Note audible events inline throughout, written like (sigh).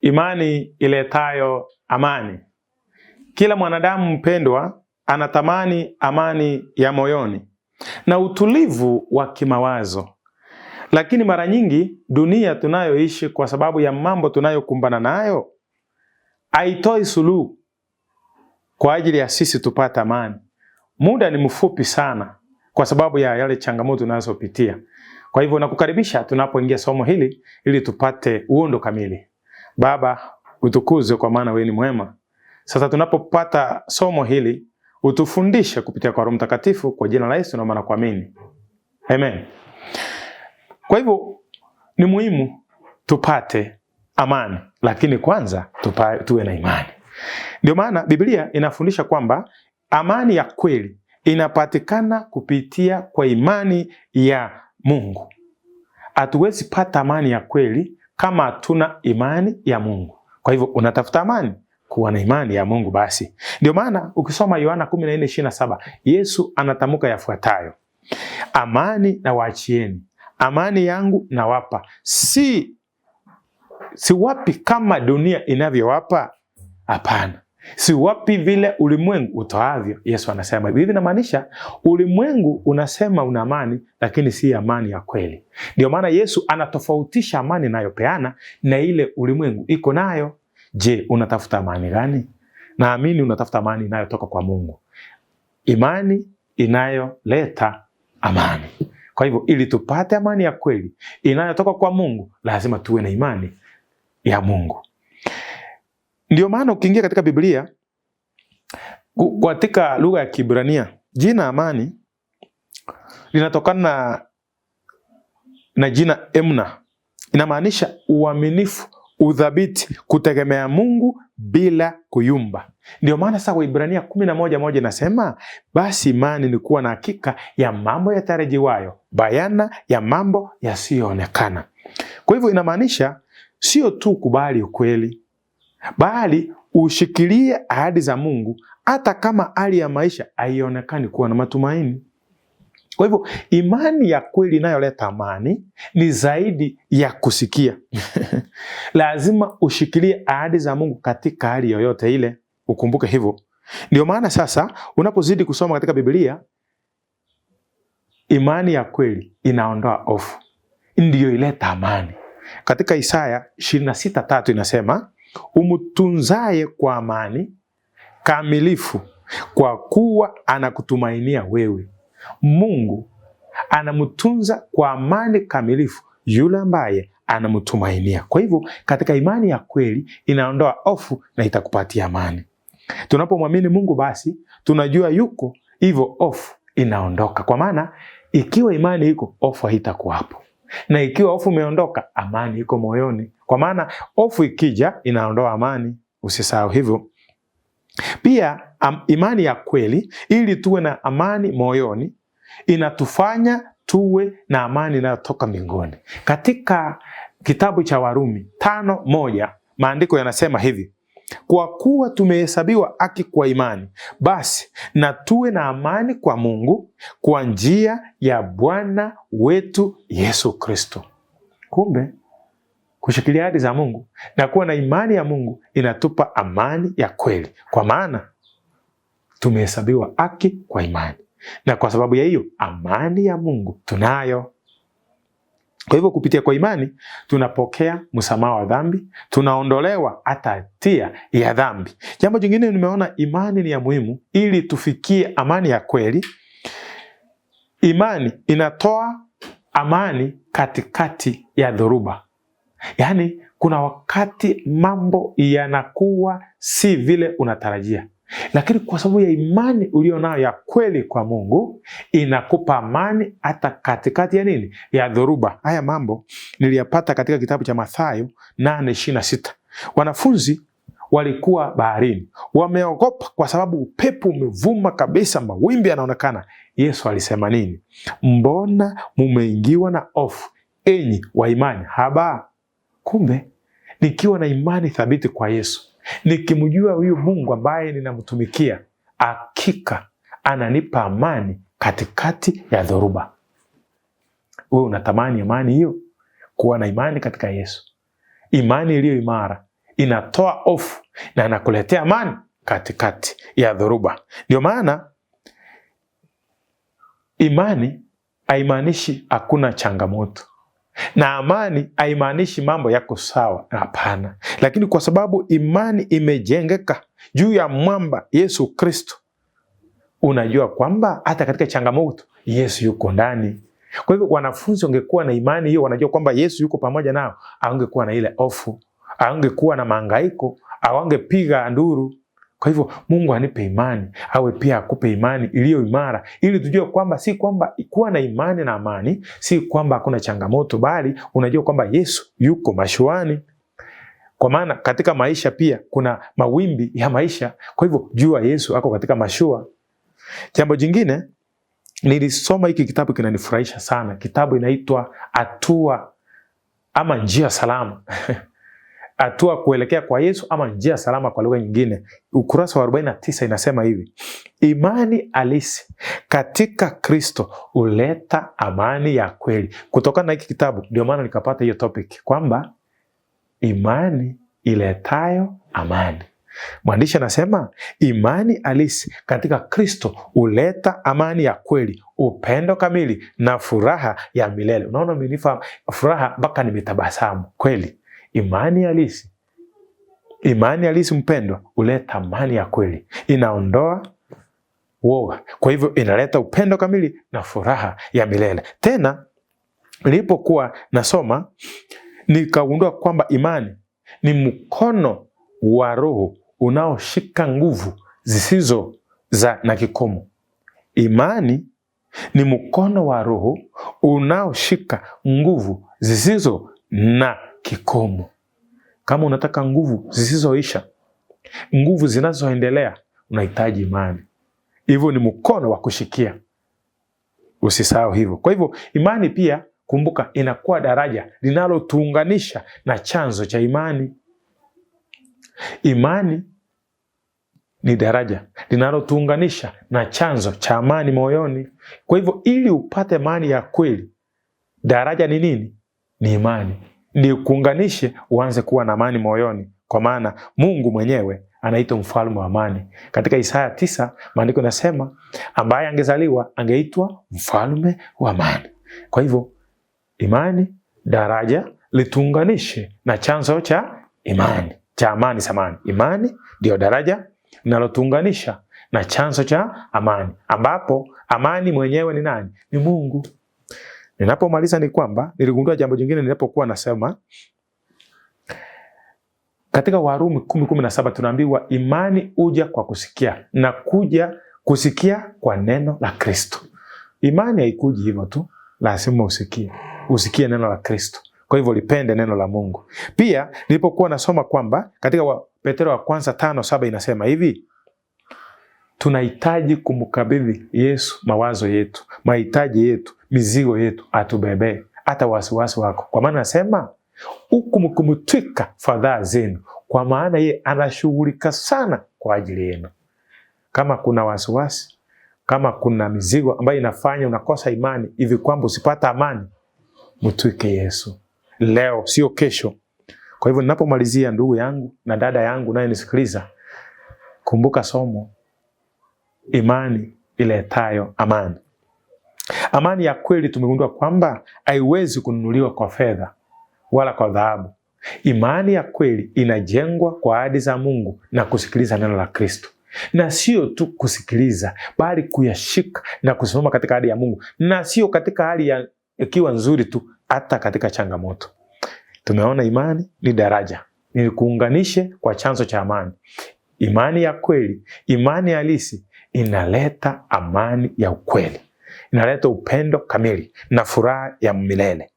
Imani iletayo amani. Kila mwanadamu mpendwa anatamani amani ya moyoni na utulivu wa kimawazo, lakini mara nyingi dunia tunayoishi, kwa sababu ya mambo tunayokumbana nayo, haitoi suluhu kwa ajili ya sisi tupate amani. Muda ni mfupi sana, kwa sababu ya yale changamoto tunazopitia. Kwa hivyo, nakukaribisha tunapoingia somo hili ili tupate uondo kamili. Baba, utukuzwe kwa maana wewe ni mwema. Sasa tunapopata somo hili, utufundishe kupitia kwa Roho Mtakatifu, kwa jina la Yesu naomba na kuamini, amen. Kwa hivyo ni muhimu tupate amani, lakini kwanza tupa, tuwe na imani. Ndio maana Biblia inafundisha kwamba amani ya kweli inapatikana kupitia kwa imani ya Mungu. Hatuwezi pata amani ya kweli kama hatuna imani ya Mungu. Kwa hivyo unatafuta amani, kuwa na imani ya Mungu basi. Ndio maana ukisoma Yohana 14:27 Yesu anatamka yafuatayo, amani na waachieni, amani yangu nawapa, si siwapi kama dunia inavyowapa. Hapana, si wapi vile ulimwengu utoavyo. Yesu anasema hivi, inamaanisha ulimwengu unasema una amani, lakini si amani ya kweli. Ndio maana Yesu anatofautisha amani inayopeana na ile ulimwengu iko nayo. Je, unatafuta amani gani? Naamini unatafuta amani inayotoka kwa Mungu, imani inayoleta amani. Kwa hivyo, ili tupate amani ya kweli inayotoka kwa Mungu, lazima tuwe na imani ya Mungu. Ndio maana ukiingia katika Biblia katika lugha ya Kibrania jina amani linatokana na, na jina emna, inamaanisha uaminifu, udhabiti, kutegemea Mungu bila kuyumba. Ndio maana sasa Waibrania kumi na moja moja inasema basi imani ni kuwa na hakika ya mambo yatarajiwayo, bayana ya mambo yasiyoonekana. Kwa hivyo inamaanisha sio tu kubali ukweli bali ushikilie ahadi za Mungu hata kama hali ya maisha haionekani kuwa na matumaini. Kwa hivyo imani ya kweli inayoleta amani ni zaidi ya kusikia (laughs) lazima ushikilie ahadi za Mungu katika hali yoyote ile, ukumbuke hivyo. Ndio maana sasa unapozidi kusoma katika Biblia, imani ya kweli inaondoa hofu, ndiyo ileta amani. Katika Isaya 26:3 inasema umtunzaye kwa amani kamilifu, kwa kuwa anakutumainia wewe. Mungu anamtunza kwa amani kamilifu yule ambaye anamtumainia. Kwa hivyo, katika imani ya kweli inaondoa hofu na itakupatia amani. Tunapomwamini Mungu basi tunajua yuko, hivyo hofu inaondoka, kwa maana ikiwa imani iko, hofu haitakuwapo, na ikiwa hofu imeondoka, amani iko moyoni. Kwa maana hofu ikija inaondoa amani, usisahau hivyo. Pia am, imani ya kweli ili tuwe na amani moyoni inatufanya tuwe na amani inayotoka mbinguni. Katika kitabu cha Warumi tano moja maandiko yanasema hivi: kwa kuwa tumehesabiwa haki kwa imani, basi na tuwe na amani kwa Mungu kwa njia ya Bwana wetu Yesu Kristo. Kumbe kushikilia ahadi za Mungu na kuwa na imani ya Mungu inatupa amani ya kweli, kwa maana tumehesabiwa haki kwa imani, na kwa sababu ya hiyo amani ya Mungu tunayo. Kwa hivyo kupitia kwa imani tunapokea msamaha wa dhambi, tunaondolewa hata hatia ya dhambi. Jambo jingine nimeona, imani ni ya muhimu ili tufikie amani ya kweli. Imani inatoa amani katikati ya dhoruba. Yaani kuna wakati mambo yanakuwa si vile unatarajia, lakini kwa sababu ya imani uliyo nayo ya kweli kwa Mungu inakupa amani hata katikati ya nini, ya dhoruba. Haya mambo niliyapata katika kitabu cha Mathayo 8:26. Wanafunzi walikuwa baharini wameogopa, kwa sababu upepo umevuma kabisa, mawimbi yanaonekana. Yesu alisema nini? Mbona mumeingiwa na hofu, enyi waimani haba? Kumbe nikiwa na imani thabiti kwa Yesu, nikimjua huyu Mungu ambaye ninamtumikia, hakika ananipa amani katikati ya dhoruba. Wewe unatamani amani hiyo? Kuwa na imani katika Yesu. Imani iliyo imara inatoa hofu na inakuletea amani katikati ya dhoruba. Ndio maana imani haimaanishi hakuna changamoto na amani haimaanishi mambo yako sawa, hapana, lakini kwa sababu imani imejengeka juu ya mwamba Yesu Kristo, unajua kwamba hata katika changamoto Yesu yuko ndani. Kwa hivyo wanafunzi wangekuwa na imani hiyo, wanajua kwamba Yesu yuko pamoja nao, aungekuwa na ile hofu, aungekuwa na maangaiko, awangepiga nduru. Kwa hivyo Mungu anipe imani, awe pia akupe imani iliyo imara, ili tujue kwamba si kwamba kuwa na imani na amani, si kwamba hakuna changamoto, bali unajua kwamba Yesu yuko mashuani. Kwa maana katika maisha pia kuna mawimbi ya maisha. Kwa hivyo jua Yesu ako katika mashua. Jambo jingine, nilisoma hiki kitabu kinanifurahisha sana. Kitabu inaitwa Hatua ama Njia Salama (laughs) hatua kuelekea kwa Yesu ama njia salama kwa lugha nyingine. Ukurasa wa 49 inasema hivi: imani halisi katika Kristo huleta amani ya kweli. Kutokana na hiki kitabu ndio maana nikapata hiyo topic kwamba imani iletayo amani. Mwandishi anasema imani halisi katika Kristo huleta amani ya kweli, upendo kamili na furaha ya milele. Unaona, minifahamu furaha mpaka nimetabasamu kweli Imani halisi, imani halisi mpendwa, huleta amani ya kweli, inaondoa woga, kwa hivyo inaleta upendo kamili na furaha ya milele. Tena nilipokuwa nasoma nikagundua kwamba imani ni mkono wa Roho unaoshika nguvu zisizo za na kikomo. Imani ni mkono wa Roho unaoshika nguvu zisizo na kikomo. Kama unataka nguvu zisizoisha, nguvu zinazoendelea, unahitaji imani. Hivyo ni mkono wa kushikia, usisahau hivyo. Kwa hivyo imani pia, kumbuka, inakuwa daraja linalotuunganisha na chanzo cha imani. Imani ni daraja linalotuunganisha na chanzo cha amani moyoni. Kwa hivyo, ili upate amani ya kweli, daraja ni nini? ni imani. Ni kuunganishe uanze kuwa na amani moyoni, kwa maana Mungu mwenyewe anaitwa mfalme wa amani. Katika Isaya tisa maandiko nasema ambaye angezaliwa angeitwa mfalme wa amani. Kwa hivyo imani daraja lituunganishe na chanzo cha imani cha amani samani. Imani ndiyo daraja linalotuunganisha na chanzo cha amani, ambapo amani mwenyewe ni nani? Ni Mungu. Ninapomaliza ni kwamba niligundua jambo jingine ninapokuwa nasema katika Warumi kumi kumi na saba tunaambiwa imani huja kwa kusikia na kuja kusikia kwa neno la Kristo. Imani haikuji hivyo tu, lazima usikie, usikie neno la Kristo. Kwa hivyo lipende neno la Mungu. Pia nilipokuwa nasoma kwamba katika wa Petero wa kwanza tano saba inasema hivi tunahitaji kumkabidhi Yesu mawazo yetu, mahitaji yetu mizigo yetu atubebee, hata wasiwasi wako, kwa maana nasema huku mkumtwika fadhaa zenu, kwa maana ye anashughulika sana kwa ajili yenu. Kama kuna wasiwasi, kama kuna mizigo ambayo inafanya unakosa imani hivi kwamba usipata amani, mtwike Yesu leo, sio kesho. Kwa hivyo ninapomalizia, ndugu yangu na dada yangu unayenisikiliza, kumbuka somo, imani iletayo amani. Amani ya kweli tumegundua kwamba haiwezi kununuliwa kwa fedha wala kwa dhahabu. Imani ya kweli inajengwa kwa ahadi za Mungu na kusikiliza neno la Kristo, na sio tu kusikiliza, bali kuyashika na kusimama katika ahadi ya Mungu, na sio katika hali ya ikiwa nzuri tu, hata katika changamoto. Tumeona imani ni daraja nilikuunganishe kwa chanzo cha amani. Imani ya kweli, imani halisi inaleta amani ya ukweli inaleta upendo kamili na furaha ya milele.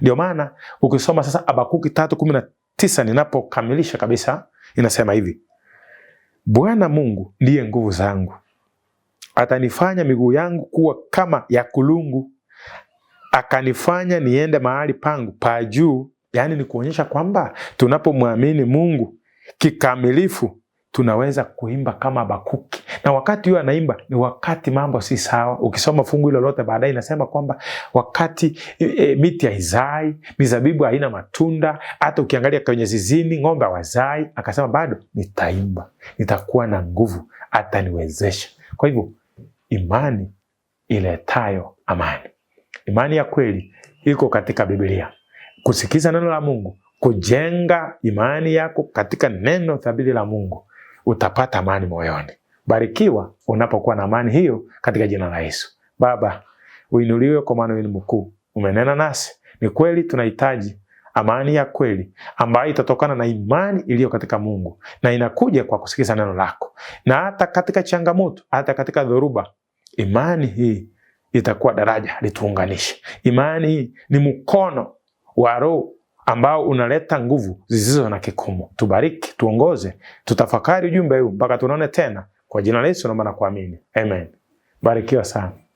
Ndio maana ukisoma sasa Abakuki tatu kumi na tisa ninapokamilisha kabisa, inasema hivi: Bwana Mungu ndiye nguvu zangu, atanifanya miguu yangu kuwa kama ya kulungu, akanifanya niende mahali pangu pa juu. Yaani ni kuonyesha kwamba tunapomwamini Mungu kikamilifu tunaweza kuimba kama Habakuki, na wakati huyo anaimba ni wakati mambo si sawa. Ukisoma fungu hilo lote baadaye inasema kwamba wakati e, e, miti haizai, mizabibu haina matunda, hata ukiangalia kwenye zizini ng'ombe hawazai, akasema bado nitaimba, nitakuwa na nguvu, ataniwezesha. Kwa hivyo imani iletayo amani, imani ya kweli iko katika Biblia, kusikiza neno la Mungu, kujenga imani yako katika neno thabiti la Mungu utapata amani moyoni. Barikiwa unapokuwa na amani hiyo katika jina la Yesu. Baba, uinuliwe kwa maana wewe mkuu, umenena nasi. Ni kweli tunahitaji amani ya kweli ambayo itatokana na imani iliyo katika Mungu na inakuja kwa kusikiza neno lako, na hata katika changamoto, hata katika dhoruba, imani hii itakuwa daraja lituunganishe. Imani hii ni mkono wa Roho ambao unaleta nguvu zisizo na kikomo. Tubariki, tuongoze, tutafakari ujumbe huu mpaka tunaone tena. Kwa jina la Yesu naomba na kuamini, amen. Barikiwa sana.